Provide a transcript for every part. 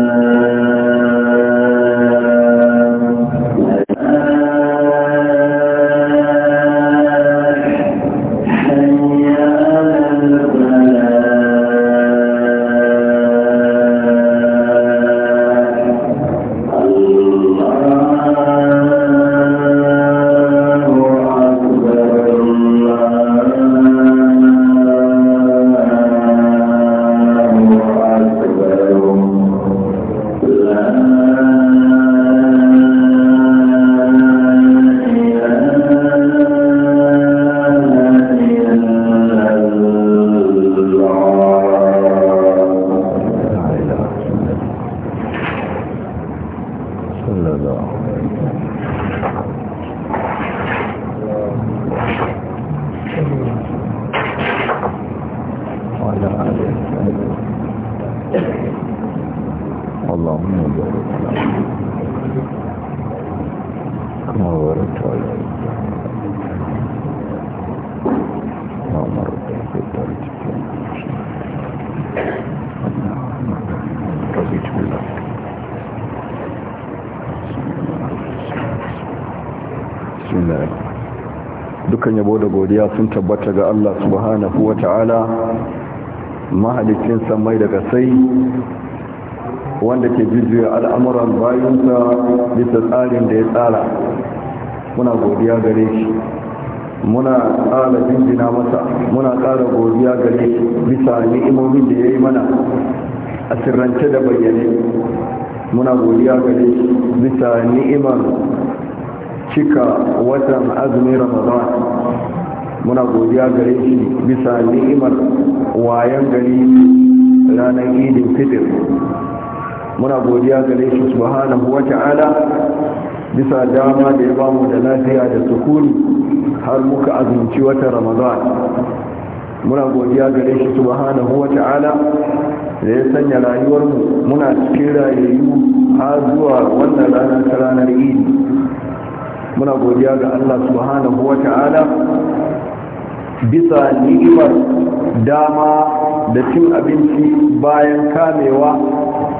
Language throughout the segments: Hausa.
Uh, عليه اللهم بارك كما باركت على اللهم ربي في درجتك رضيت بالله بسم الله dukkan yabo da godiya sun tabbata ga Allah subhanahu wa ta'ala mahalicin samai daga sai wanda ke jujjuya al'amuran bayansa bisa tsarin da ya tsara muna godiya gare shi muna tsara jinjina masa muna tsara godiya gare shi bisa ni'imomin da ya yi mana a sirrance da bayyane muna godiya gare shi bisa ni'imar cika watan azumin ramadan muna godiya gare shi bisa ni'imar wayan gari ranar idin fitir muna godiya gare shi subhanahu wata'ala bisa dama da ya bamu da lafiya da sukuni har muka azumci wata ramadan muna godiya gare shi subhanahu wata'ala da ya sanya rayuwarmu muna cikin rayayyu har zuwa wannan rana ta ranar idi muna godiya ga Allah subhanahu wata'ala bisa ni'imar dama da cin abinci bayan kamewa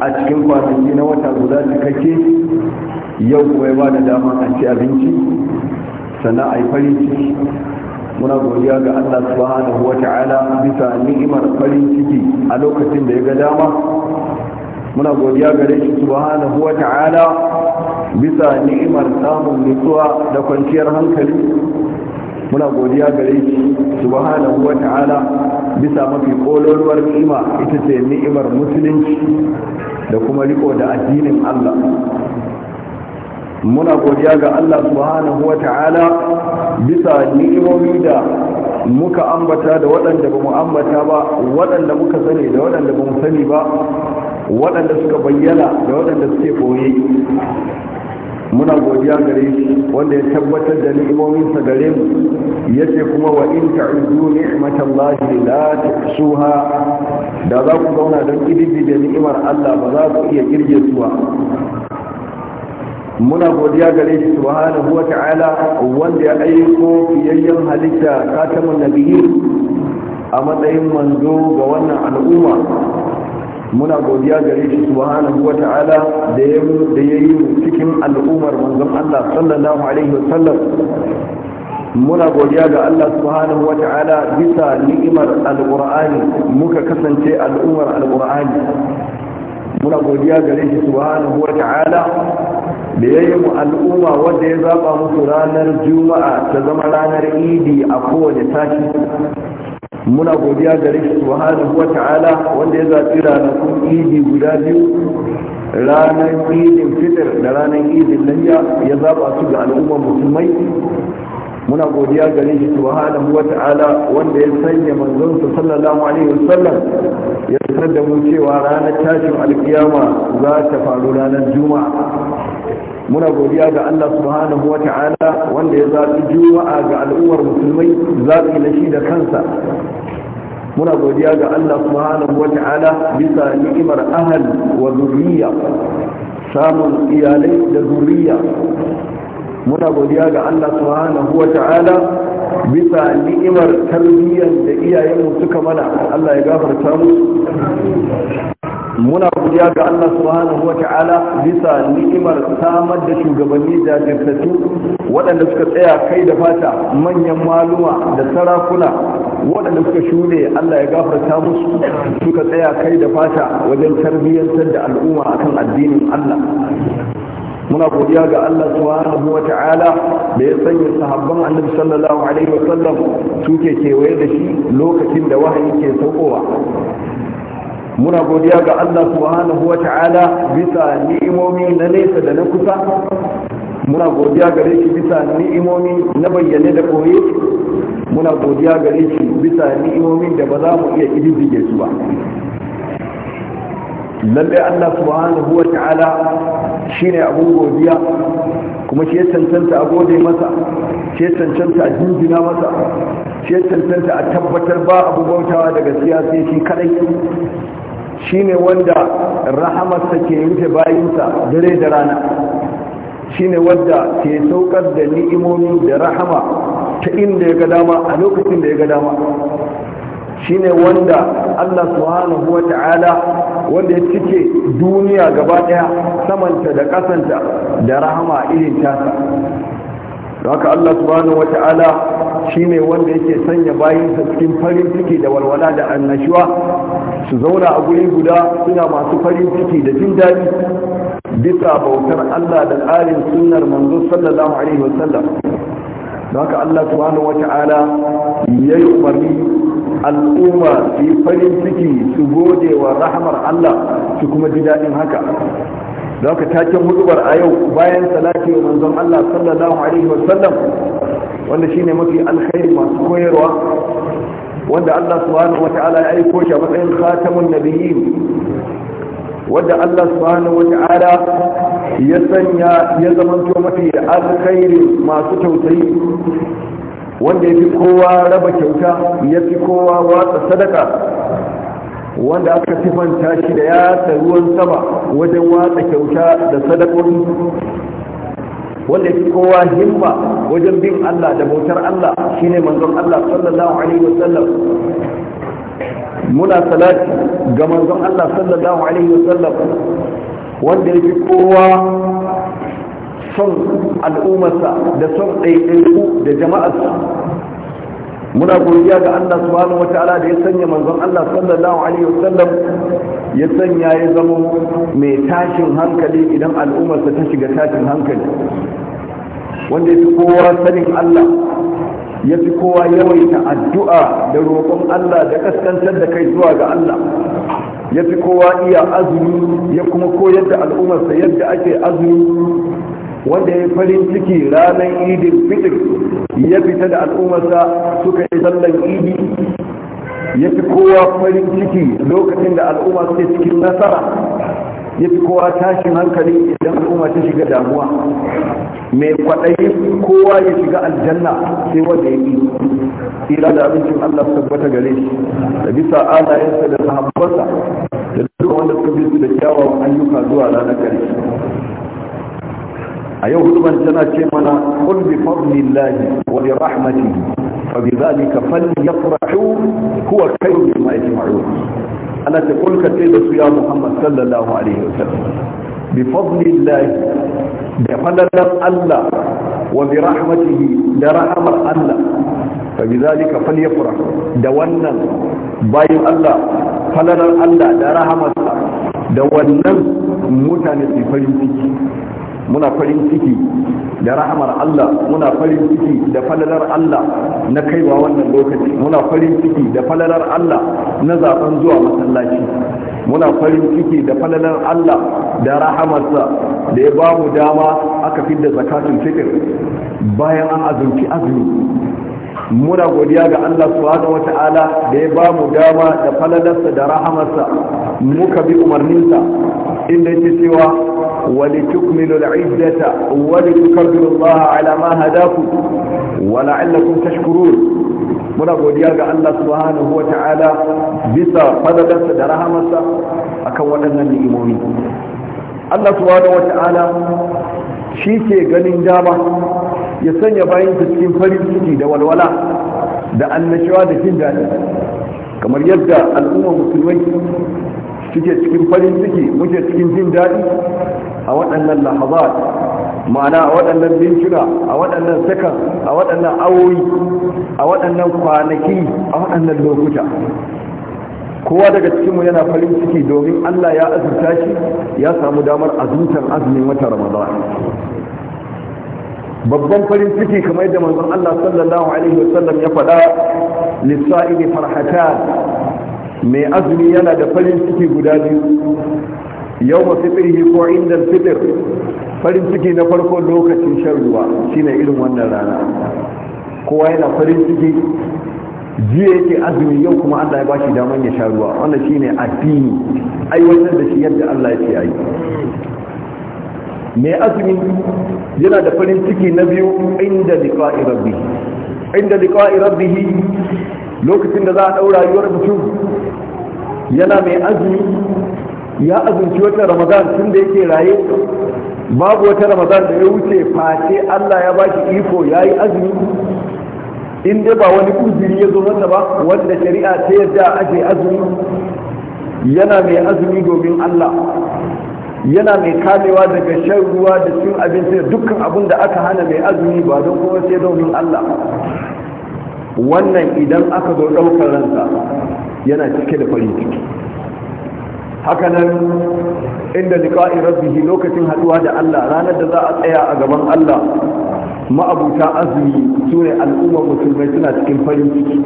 a cikin kwanaki na wata guda cikakke yau kuma ya ba da dama a ci abinci sannan a yi farin ciki muna godiya ga allah subhanahu wa ta'ala bisa ni'imar farin ciki a lokacin da ya ga dama muna godiya ga shi subhanahu wa ta'ala bisa ni'imar samun nutsuwa da kwanciyar hankali muna godiya gare shi subhanahu wa ta'ala bisa mafi kololuwar kima ita ce ni'imar musulunci da kuma riko da addinin Allah muna godiya ga Allah subhanahu wa ta'ala bisa ni'imomi da muka ambata da waɗanda ba mu ambata ba waɗanda muka sani da waɗanda ba mu sani ba waɗanda suka bayyana da waɗanda suke boye muna godiya gare shi wanda ya tabbatar da ni'imominsa gare mu yace kuma wa in ta'udu ni'matallahi la tuhsuha da za ku zauna don kididdi da ni'imar Allah ba za ku iya kirge su ba muna godiya gare shi subhanahu wa ta'ala wanda ya aiko fiyayyen halitta katamun nabiyyi a matsayin manzo ga wannan al'umma muna godiya gare shi subhanahu wa ta'ala da ya da yayi cikin al'ummar manzon Allah sallallahu alaihi wasallam muna godiya ga Allah subhanahu wa ta'ala bisa ni'imar alqur'ani muka kasance al'ummar alqur'ani muna godiya gare shi subhanahu wa ta'ala da yayi mu al'umma wanda ya zaba musu ranar juma'a ta zama ranar idi a kowane tashi muna godiya gare shi subhanahu wa ta'ala wanda ya zaɓi ranakun idi guda biyu ranar idin fitar da ranar idin lanya ya zaba su ga al'ummar musulmai muna godiya gare shi subhanahu wa ta'ala wanda ya sanya su sallallahu alaihi wasallam ya sanar da mu cewa ranar tashin alkiyama za ta faru ranar juma'a muna godiya ga Allah subhanahu wa ta'ala wanda ya zaɓi juma'a ga al'ummar musulmai zaɓi na shi da kansa muna godiya ga Allah subhanahu wa ta'ala bisa ni'imar ahal wa zuriya samun iyalai da zuriya. muna godiya ga Allah subhanahu wa ta'ala bisa ni'imar tarbiyyar da iyayenmu suka mana Allah ya gafarta musu muna godiya ga Allah subhanahu wa ta'ala bisa ni'imar samar da shugabanni da jajirtattu waɗanda suka tsaya kai da fata manyan maluwa da sarakuna waɗanda suka shuɗe Allah ya gafarta musu suka tsaya kai da fata wajen tarbiyyantar da al'umma akan addinin Allah muna godiya ga Allah subhanahu wa ta'ala da ya sanya sahabban annabi sallallahu alaihi wa sallam suke kewaye da shi lokacin da wahayi ke saukowa muna godiya ga Allah subhanahu wa ta'ala bisa ni'imomi na nesa da na kusa muna godiya gare shi bisa ni'imomi na bayyane da koyi muna godiya gare shi bisa ni'imomin da ba za mu iya kididdige su ba lalle Allah subhanahu wa ta'ala shine abun godiya kuma shi ya cancanta a gode masa shi ya cancanta a jinjina masa shi ya cancanta a tabbatar ba abubuwan tawa daga siyasa shi kadai Shi ne wanda rahamarsa ke rufe bayinsa dare da rana Shi ne wanda ke saukar da ni'imomi da rahama ta inda ya ga dama a lokacin da ya ga dama ne wanda Allah subhanahu ta'ala wanda ya cike duniya gaba daya samanta da kasanta da rahama irin tasa haka Allah subhanahu Shi ne wanda yake sanya bayinsa cikin farin ciki da walwala da annashuwa su zauna a guri guda suna masu farin ciki da jin daɗi bisa bautar Allah da tsarin sunnar manzo sallallahu alaihi wasallam don haka Allah subhanahu wata'ala ya yi umarni al'umma su yi farin ciki su gode wa rahmar Allah su kuma ji daɗin haka don haka taken hudubar a yau bayan salati wa manzon Allah sallallahu alaihi wasallam wanda shine mafi alkhairi masu koyarwa wanda Allah subhanahu wata'ala ya aiko shi a matsayin khatamun nabiyyin wanda Allah subhanahu wata'ala ya sanya ya zamanto mafi alkhairi masu tausayi wanda ya fi kowa raba kyauta ya fi kowa watsa sadaka wanda aka sifanta shi da yatsa ruwan sama wajen watsa kyauta da sadakoki wanda ya fi kowa himma wajen bin Allah da bautar Allah shine manzon Allah sallallahu alaihi wasallam muna salati ga manzon Allah sallallahu alaihi wasallam wanda ya fi kowa son al'ummarsa da son ɗaiɗaiku da jama'arsa muna godiya ga Allah subhanahu wataala da ya sanya manzon Allah sallallahu alaihi wasallam ya sanya ya zama mai tashin hankali idan al'ummarsa ta shiga tashin hankali wanda ya fi kowa sanin Allah ya fi kowa yawaita addu'a da roƙon Allah da kaskantar da kai zuwa ga Allah ya fi kowa iya azumi ya kuma koyar da al'ummarsa yadda ake azumi wanda ya farin ciki ranar idin fitir ya fita da al'ummarsa suka yi sallan idi ya fi kowa farin ciki lokacin da al'umma suke cikin nasara ya fi kowa tashin hankali idan al'umma ta shiga damuwa mai kwaɗayi kowa ya shiga aljanna sai wanda ya yi tsira da abincin Allah su tabbata gare shi da bisa alayensa da sahabbarsa da duk wanda suka bi su da kyawawan ayyuka zuwa ranar ƙarshe a yau huduban tana ce mana kul bi fadlillahi wa bi rahmatihi fa bi dhalika falyafrahu huwa khayrun mimma yajma'un ana ta kulka sai da su ya Muhammad sallallahu alaihi wasallam bi fadlillahi da falalar Allah wa bi rahmatihi da rahamar Allah fa bi zalika falyafrah da wannan bayin Allah falalar Allah da rahamarsa da wannan mutane su farin ciki muna farin ciki da rahamar Allah muna farin ciki da falalar Allah na kaiwa wannan lokaci muna farin ciki da falalar Allah na zaben zuwa masallaci muna farin ciki da falalar Allah da rahamarsa da ya ba mu dama aka fidda zakatun fitr bayan an azumci azumi muna godiya ga Allah subhanahu wata'ala da ya ba mu dama da falalarsa da rahamarsa muka bi umarninsa inda yake cewa ولتكملوا العدة ولتكبروا الله على ما هداكم ولعلكم تشكرون muna godiya ga Allah subhanahu wa ta'ala bisa fadalarsa da rahamarsa akan waɗannan ni'imomi Allah subhanahu wa ta'ala shi ke ganin dama ya sanya bayan cikin farin ciki da walwala da annashuwa da jin daɗi kamar yadda al'ummar musulmai suke cikin farin ciki muke cikin jin daɗi a waɗannan lahazat ma'ana a waɗannan mintuna a waɗannan sakan a waɗannan awoyi a waɗannan kwanaki a waɗannan lokuta kowa daga cikinmu yana farin ciki domin allah ya azurta shi ya samu damar azurtar azumin wata ramadan babban farin ciki kamar yadda manzon Allah sallallahu alaihi wasallam ya faɗa lissa'ili farhatan mai azumi yana da farin ciki guda biyu yau ba fitrihi ko inda fitir farin ciki na farko lokacin shan ruwa shine irin wannan rana kowa yana farin ciki jiya yake azumi yau kuma Allah ya bashi daman ya sha ruwa wannan shine addini aiwatar da shi yadda Allah ya yake yi mai azumi yana da farin ciki na biyu inda liƙa irabbi inda liqa'i rabbih lokacin da za a ɗaura rayuwar mutum yana mai azumi ya azumci wata ramadan tun da yake raye babu wata ramadan da ya wuce face allah ya baki iko ya yi azumi in dai ba wani kujiri ya zo masa ba wanda shari'a ta yadda ake azumi yana mai azumi domin allah yana mai kamewa daga shan ruwa da cin abinci da dukkan abin da aka hana mai azumi ba don kuma sai domin allah wannan idan aka zo ɗaukar ransa yana cike da farin ciki hakanan inda liqa'i rabbihi lokacin haɗuwa da Allah ranar da za a tsaya a gaban Allah ma'abuta azumi ne al'ummar musulmai suna cikin farin ciki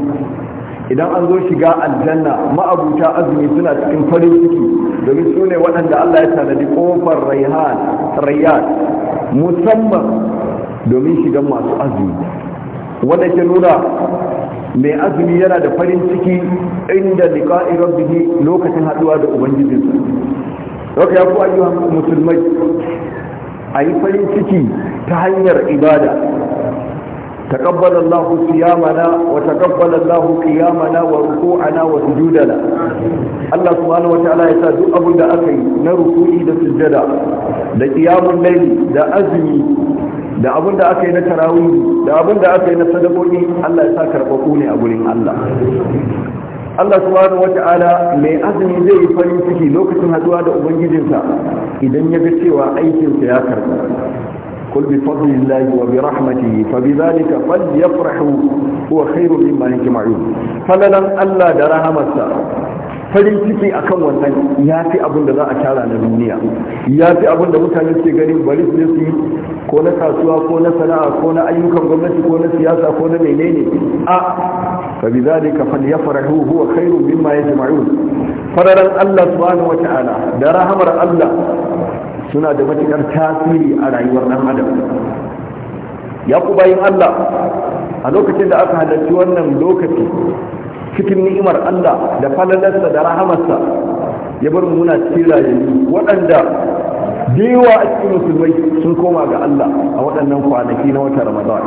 idan an zo shiga aljanna ma'abuta azumi suna cikin farin ciki domin su ne waɗanda Allah ya tanadi kofar rayhan rayyan musamman domin shigan masu azumi wanda ke nuna mai azumi yana da farin ciki inda liƙa'i rabbihi lokacin haɗuwa da ubangijinsa Doka ya kuwa yiwuwa musulmai a yi farin ciki ta hanyar ibada taƙabbal Allah siyamana wa taƙabbal Allah ƙiyamana wa ruku'ana wa sujudana Allah subhanahu wa ta'ala ya sa duk abin da aka yi na ruku'i da sujjada da ƙiyamun laili da azumi da abin da aka yi na tarawih da abin da aka yi na sadakoki Allah ya sa karɓa ne a gurin Allah Allah subhanahu wata'ala mai azumi zai yi farin ciki lokacin haduwa da ubangijinsa idan ya ga cewa aikinsa ya karɓa قل بفضل الله وبرحمته فبذلك فليفرحوا هو خير مما يجمعون فلن Allah da rahamarsa. farin ciki akan wannan ya fi abin da za a tara na duniya ya fi abin da mutane suke gani bari su ko na kasuwa ko na sana'a ko na ayyukan gwamnati ko na siyasa ko na menene a fabi ya falyafrahu huwa khairu mimma yajma'un fararan Allah subhanahu wata'ala da rahamar Allah suna da matukar tasiri a rayuwar dan adam ya ku bayin Allah a lokacin da aka halarci wannan lokaci cikin ni'imar Allah da falalarsa da rahamarsa ya bar mu muna cikin rayuwa waɗanda da yawa a cikin musulmai sun koma ga Allah a waɗannan kwanaki na wata Ramadan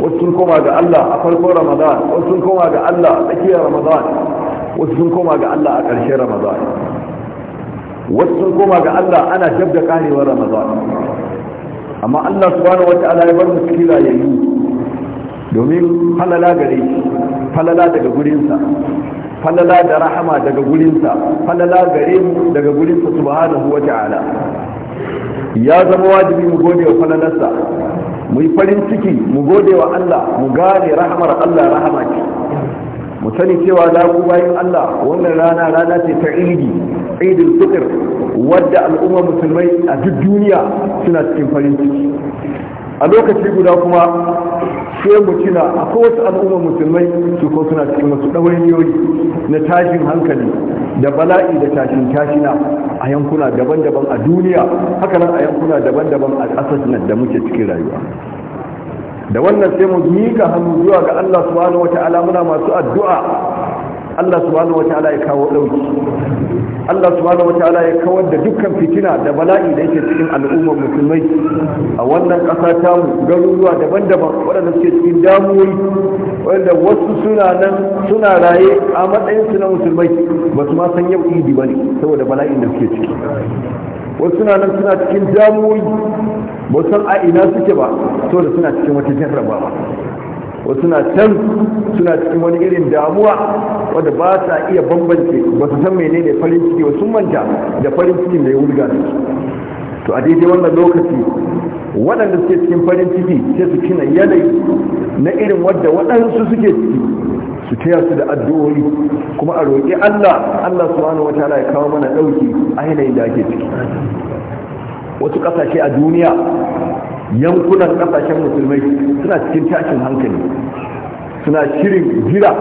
wasu sun koma ga Allah a farkon Ramadan wasu sun koma ga Allah a tsakiyar Ramadan wasu sun koma ga Allah a ƙarshen Ramadan wasu sun koma ga Allah ana jab da karewar Ramadan amma Allah subhanahu wata'ala ya bar mu cikin rayayyu domin halala gare shi falala daga gurinsa falala da rahama daga gurinsa falala gare mu daga gurinsa subhanahu wa ta'ala ya zama wajibi mu gode wa falalarsa mu yi farin ciki mu gode wa Allah mu gane rahamar Allah rahama ce mu sani cewa da ku bayan Allah wannan rana rana ce ta idi idil fitr wadda al'umma musulmai a duk duniya suna cikin farin ciki a lokaci guda kuma sai mu tuna akwai wasu al'ummar musulmai su ko suna cikin wasu ɗawainiyoyi na tashin hankali da bala'i da tashin tashina a yankuna daban-daban a duniya haka nan a yankuna daban-daban a ƙasar da muke cikin rayuwa da wannan sai mu miƙa hannu zuwa ga Allah subhanahu wata'ala muna masu addu'a Allah subhanahu wataala ya kawo dauki Allah subhanahu wataala ya kawar da dukkan fitina da bala'i da yake cikin al'ummar musulmai a wannan ƙasa ta mu garuruwa daban-daban waɗanda suke cikin damuwoyi waɗanda wasu suna nan suna raye a matsayin su na musulmai ba su ma san yau idi ba ne saboda bala'in da suke ciki wasu suna nan suna cikin damuwoyi ba san a ina suke ba saboda suna cikin wata jarrabawa wasu na can suna cikin wani irin damuwa wanda ba sa iya bambance ba su san menene farin ciki wa sun manta da farin cikin da ya wulga su to a daidai wannan lokaci waɗanda suke cikin farin ciki sai su kina yanayi na irin wadda waɗansu suke ciki su taya su da addu'o'i kuma a roƙi Allah Allah subhanahu wataala ya kawo mana ɗauki a yanayin da ake ciki wasu ƙasashe a duniya yankunan kasashen musulmai suna cikin tashin hankali suna shirin jira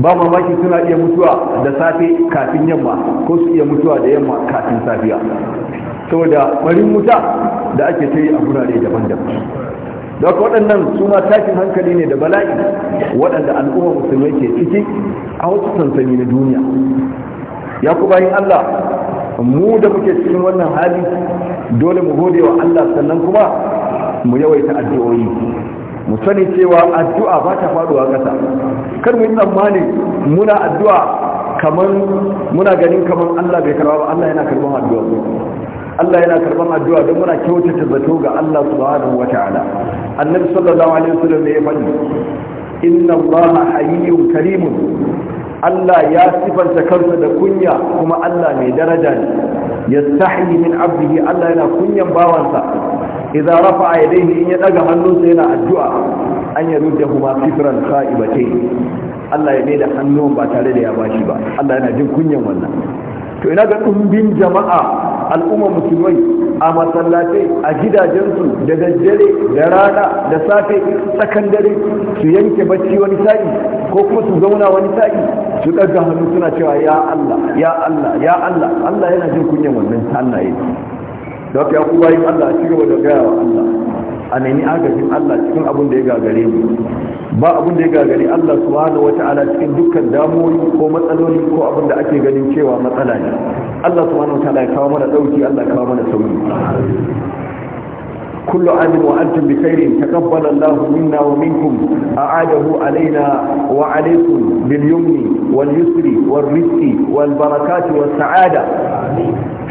ba mamaki suna iya mutuwa da safe kafin yamma ko su iya mutuwa da yamma kafin safiya saboda barin wuta da ake ta yi a gurare daban-daban da waɗannan suna tashin hankali ne da bala'i waɗanda al'umma musulmai ke ciki a wasu sansani na duniya ya ku bayan allah mu da muke cikin wannan hali dole mu gode wa allah sannan kuma mu yawaita addu'o'i mu sani cewa addu'a ba ta faduwa ƙasa kar mu yi tsammani muna addu'a kamar muna ganin kamar Allah bai karba ba Allah yana karban addu'a Allah yana karban addu'a don muna kyautata zato ga Allah subhanahu wata'ala annabi sallallahu alaihi wasallam ya faɗi inna Allah hayyun karimun Allah ya sifanta kansa da kunya kuma Allah mai daraja ne yastahi min abdihi Allah yana kunyan bawansa idza rafa'a yadayhi in ya daga hannunsa yana addu'a an yarudda huma ba sa'ibatayn Allah ya mai da hannun ba tare da ya bashi ba Allah yana jin kunyan wannan to ina ga ɗumbin jama'a al'umma musulmai a masallatai a gidajensu da daddare da rana da safe tsakan dare su yanke bacci wani sa'i ko kuma su zauna wani sa'i su ɗaga hannu suna cewa ya Allah ya Allah ya Allah Allah yana jin kunyan wannan hannaye da haka ya ku Allah a cigaba da gaya wa Allah a nemi agajin Allah cikin abin da ya gagare mu ba abin da ya gagare Allah subhanahu wata'ala cikin dukkan damuwoyi ko matsaloli ko abin da ake ganin cewa matsala ne Allah subhanahu wata'ala ya kawo mana dauki Allah ya kawo mana sauki كل عام وأنتم بخير تقبل الله منا ومنكم أعاده علينا وعليكم باليمن واليسر والرزق والبركات والسعادة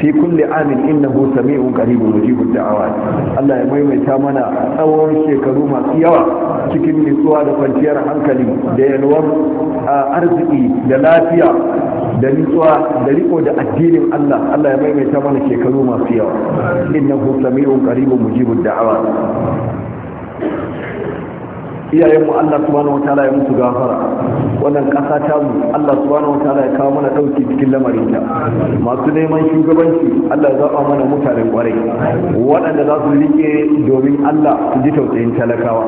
في كل عام إنه سميع قريب مجيب الدعوات الله يميم يتامنا أول شيكرو ما سيوا cikin nutsuwa da kwanciyar hankali da yalwar arziki da lafiya da nutsuwa da riko da addinin Allah Allah ya maimaita mana shekaru masu yawa innahu sami'un qaribun mujibud da'awa iyayen mu Allah subhanahu wataala ya musu gafara wannan kasa ta mu Allah subhanahu wataala ya kawo mana dauki cikin lamarin ta masu neman shugabanci Allah ya zaba mana mutanen kwarai waɗanda za su rike domin Allah su ji tausayin talakawa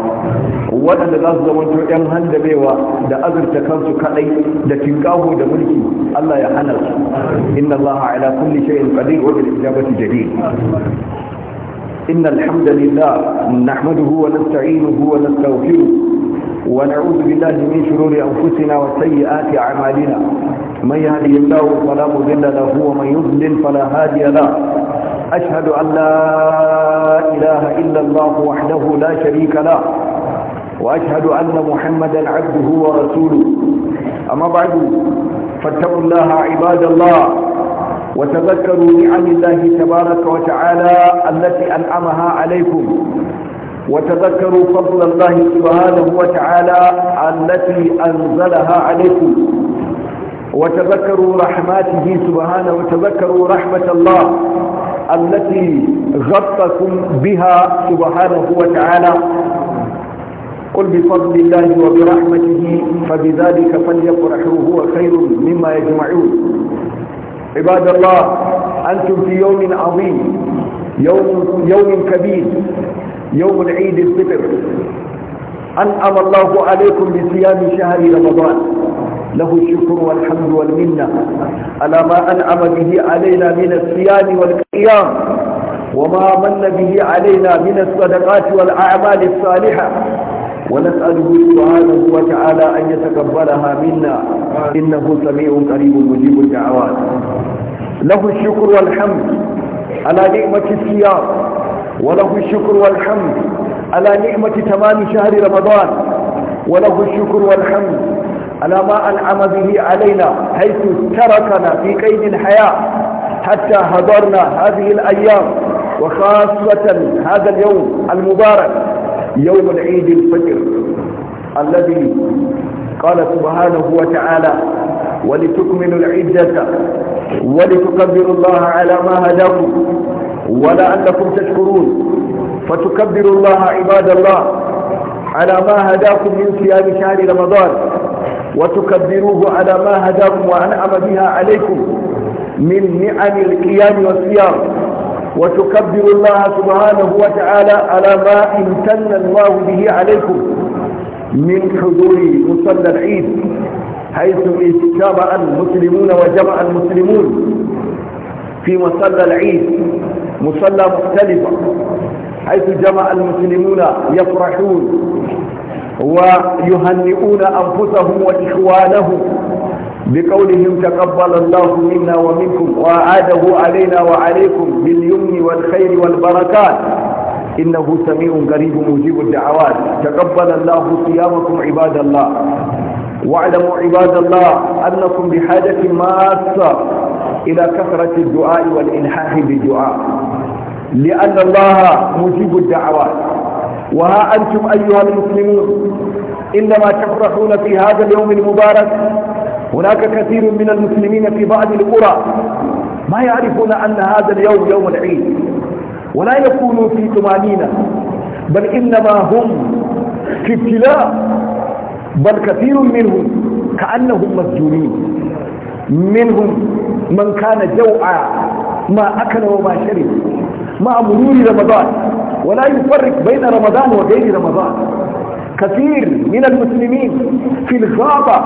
waɗanda za su zamanto yan handabewa da azurta kansu kadai da tinkaho da mulki Allah ya hana su inna Allah ala kulli shay'in qadir wa bil ijabati jadid إن الحمد لله نحمده ونستعينه ونستغفره ونعوذ بالله من شرور أنفسنا وسيئات أعمالنا من يهدي الله فلا مضل له ومن يضلل فلا هادي له أشهد أن لا إله إلا الله وحده لا شريك له وأشهد أن محمدا عبده ورسوله أما بعد فاتقوا الله عباد الله وتذكروا نعم الله تبارك وتعالى التي أنعمها عليكم وتذكروا فضل الله سبحانه وتعالى التي أنزلها عليكم وتذكروا رحماته سبحانه وتذكروا رحمة الله التي غطكم بها سبحانه وتعالى قل بفضل الله وبرحمته فبذلك فليفرحوا هو خير مما يجمعون عباد الله أنتم في يوم عظيم يوم, يوم كبير يوم العيد الفطر أنعم الله عليكم بصيام شهر رمضان له الشكر والحمد والمنة على ما أنعم به علينا من الصيام والقيام وما من به علينا من الصدقات والأعمال الصالحة ونسأله سبحانه وتعالى أن يتقبلها منا إنه سميع قريب مجيب الدعوات له الشكر والحمد على نعمة الصيام وله الشكر والحمد على نعمة تمام شهر رمضان وله الشكر والحمد على ما أنعم به علينا حيث تركنا في قيد الحياة حتى حضرنا هذه الأيام وخاصة هذا اليوم المبارك يوم العيد الفجر الذي قال سبحانه وتعالى ولتكملوا العدة ولتكبروا الله على ما هداكم ولعلكم تشكرون فتكبروا الله عباد الله على ما هداكم من صيام شهر رمضان وتكبروه على ما هداكم وأنعم بها عليكم من نعم القيام والصيام وتكبروا الله سبحانه وتعالى على ما امتن الله به عليكم من حضور مصلى العيد حيث اجتمع المسلمون وجمع المسلمون في مصلى العيد مصلى مختلفة حيث جمع المسلمون يفرحون ويهنئون أنفسهم وإخوانهم بقولهم تقبل الله منا ومنكم وأعاده علينا وعليكم باليمن والخير والبركات إنه سميع قريب مجيب الدعوات تقبل الله صيامكم عباد الله واعلموا عباد الله أنكم بحاجة ماسة إلى كثرة الدعاء والإلحاح بالدعاء لأن الله مجيب الدعوات وها أنتم أيها المسلمون إنما تفرحون في هذا اليوم المبارك هناك كثير من المسلمين في بعض القرى ما يعرفون أن هذا اليوم يوم العيد ولا يكونوا في طمانينة بل إنما هم في ابتلاء بل كثير منهم كأنهم مسجونين منهم من كان جوعا ما أكل وما شرب مع مرور رمضان ولا يفرق بين رمضان وغير رمضان كثير من المسلمين في الغابة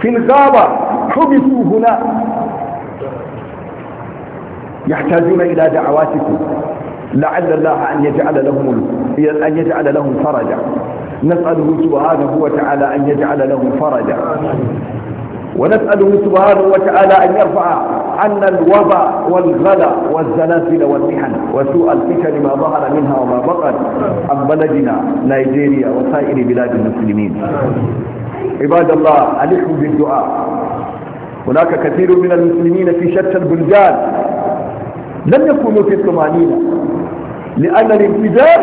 في الغابة حبسوا هنا يحتاجون إلى دعواتكم لعل الله أن يجعل لهم أن يجعل لهم فرجا نسأله سبحانه وتعالى أن يجعل لهم فرجا ونسأله سبحانه وتعالى أن يرفع عنا الوباء والغلا والزلازل والمحن وسوء الفتن ما ظهر منها وما بطن عن بلدنا نيجيريا وسائر بلاد المسلمين عباد الله ألحوا بالدعاء هناك كثير من المسلمين في شتى البلدان لم يكونوا في الطمأنينة لأن الانفجار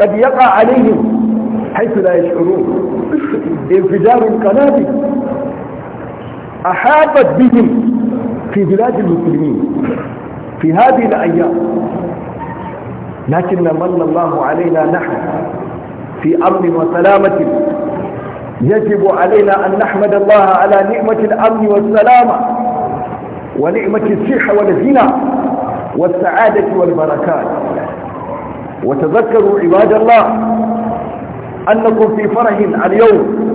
قد يقع عليهم حيث لا يشعرون انفجار القنابل أحاطت بهم في بلاد المسلمين في هذه الأيام لكن من الله علينا نحن في أمن وسلامة يجب علينا أن نحمد الله على نعمة الأمن والسلامة ونعمة الصحة والزنا والسعادة والبركات وتذكروا عباد الله أنكم في فرح اليوم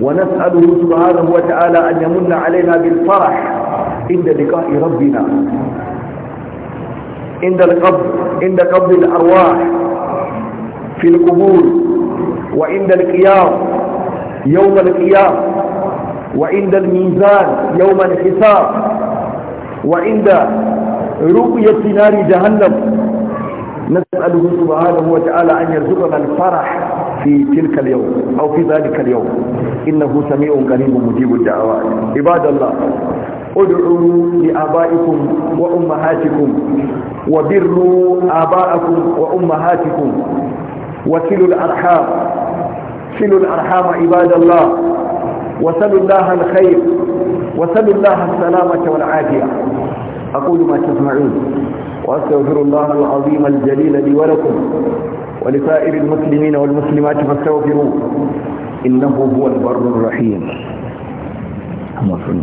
ونسأله سبحانه وتعالى أن يمن علينا بالفرح عند لقاء ربنا عند القبض عند قبض الأرواح في القبور وعند القيام يوم القيامة وعند الميزان يوم الحساب وعند رؤية نار جهنم نسأله سبحانه وتعالى أن يرزقنا الفرح في تلك اليوم أو في ذلك اليوم إنه سميع قريب مجيب الدعوات عباد الله ادعوا لآبائكم وأمهاتكم وبروا آباءكم وأمهاتكم وكلوا الأرحام صلوا الأرحام عباد الله وسلوا الله الخير وسلوا الله السلامة والعافية أقول ما تسمعون وأستغفر الله العظيم الجليل لي ولكم ولسائر المسلمين والمسلمات فاستغفروه إنه هو البر الرحيم اللهم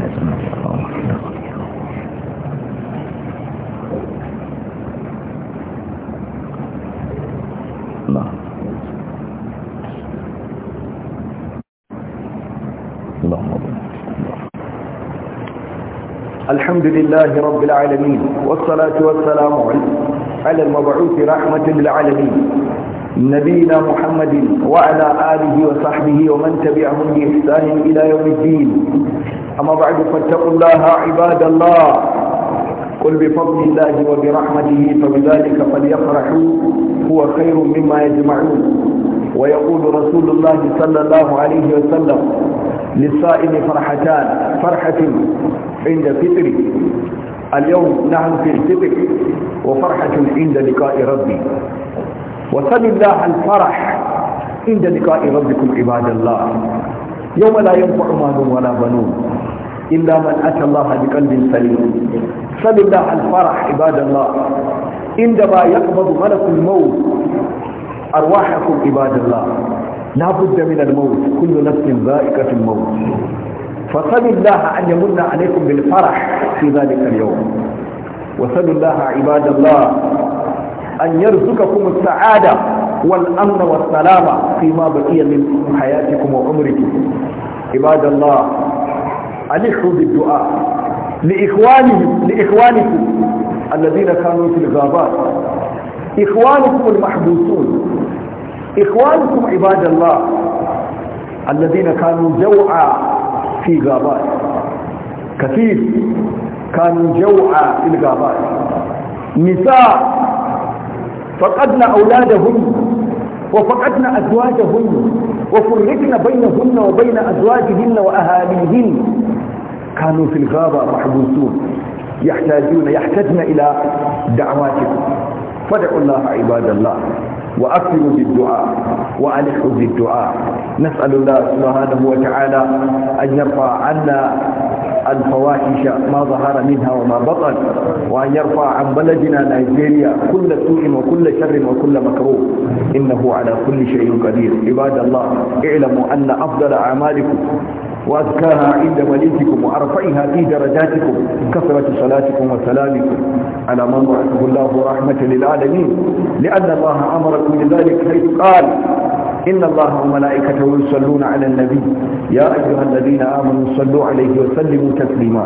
الله الحمد لله رب العالمين والصلاة والسلام على المبعوث رحمة للعالمين نبينا محمد وعلى آله وصحبه ومن تبعهم بإحسان إلى يوم الدين أما بعد فاتقوا الله عباد الله قل بفضل الله وبرحمته فبذلك فليفرحوا هو خير مما يجمعون ويقول رسول الله صلى الله عليه وسلم للصائم فرحتان فرحة عند فطر اليوم نحن في الفطر وفرحة عند لقاء ربي وصل الله الفرح عند لقاء ربكم عباد الله يوم لا ينفع مال ولا بنون إلا من أتى الله بقلب سليم صل الله الفرح عباد الله عندما يقبض ملك الموت أرواحكم عباد الله لا بد من الموت كل نفس ذائقة الموت فصل الله أن يمن عليكم بالفرح في ذلك اليوم وصل الله عباد الله أن يرزقكم السعادة والأمن والسلامة فيما بقي من حياتكم وعمركم عباد الله ألحوا بالدعاء لإخوانهم لإخوانكم الذين كانوا في الغابات إخوانكم المحبوسون إخوانكم عباد الله الذين كانوا جوعا في غابات كثير كانوا جوعا في الغابات نساء فقدنا أولادهن وفقدنا أزواجهن وفرقنا بينهن وبين أزواجهن وأهاليهن كانوا في الغابة محبوسون يحتاجون يحتاجنا إلى دعواتكم فادعوا الله عباد الله وأكثروا بالدعاء وألحوا بالدعاء نسأل الله سبحانه وتعالى أن يرفع عنا الفواحش ما ظهر منها وما بطن وأن يرفع عن بلدنا نيجيريا كل سوء وكل شر وكل مكروه إنه على كل شيء قدير عباد الله اعلموا أن أفضل أعمالكم وأزكاها عند مليككم وأرفعها في درجاتكم كثرة صلاتكم وسلامكم على من رحمه الله رحمة للعالمين لأن الله أمركم بذلك حيث قال إن الله وملائكته يصلون على النبي يا أيها الذين آمنوا صلوا عليه وسلموا تسليما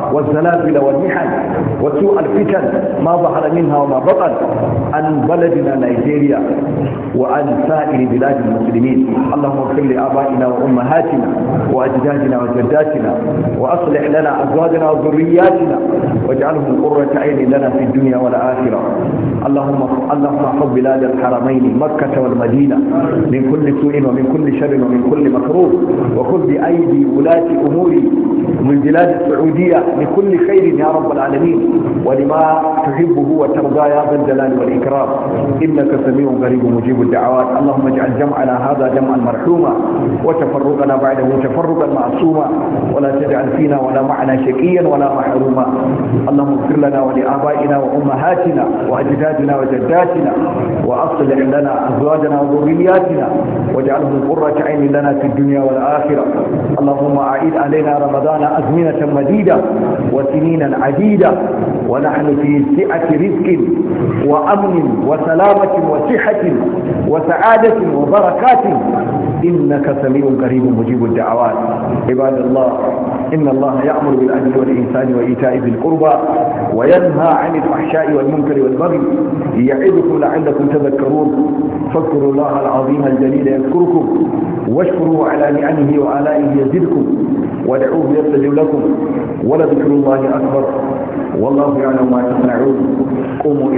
والزلازل والمحن وسوء الفتن ما ظهر منها وما بطن عن بلدنا نيجيريا وعن سائر بلاد المسلمين اللهم اغفر لآبائنا وأمهاتنا وأجدادنا وجداتنا وأصلح لنا أزواجنا وذرياتنا واجعلهم قرة عين لنا في الدنيا والآخرة اللهم اللهم احفظ بلاد الحرمين مكة والمدينة من كل سوء ومن كل شر ومن كل مكروه وخذ بأيدي ولاة أمور من بلاد السعودية لكل خير يا رب العالمين ولما تحبه وترضى يا ذا الجلال والإكرام إنك سميع قريب مجيب الدعوات اللهم اجعل جمعنا هذا جمعا مرحوما وتفرقنا بعده تفرقا معصوما ولا تجعل فينا ولا معنا شقيا ولا محروما اللهم اغفر لنا ولآبائنا وأمهاتنا وأجدادنا وجداتنا وأصلح لنا أزواجنا وذرياتنا واجعلهم قرة عين لنا في الدنيا والآخرة اللهم أعيد علينا رمضان أزمنة مديدة وسنين عديدة ونحن في سعة رزق وأمن وسلامة وصحة وسعادة وبركات إنك سميع قريب مجيب الدعوات عباد الله إن الله يأمر بالعدل والإنسان وإيتاء ذي القربى وينهى عن الفحشاء والمنكر والبغي يعظكم لعلكم تذكرون فاذكروا الله العظيم الجليل يذكركم واشكروا على نعمه وآلائه يزدكم ودعوه يستجب لكم ولذكر الله أكبر والله يعلم ما تصنعون قوموا إلى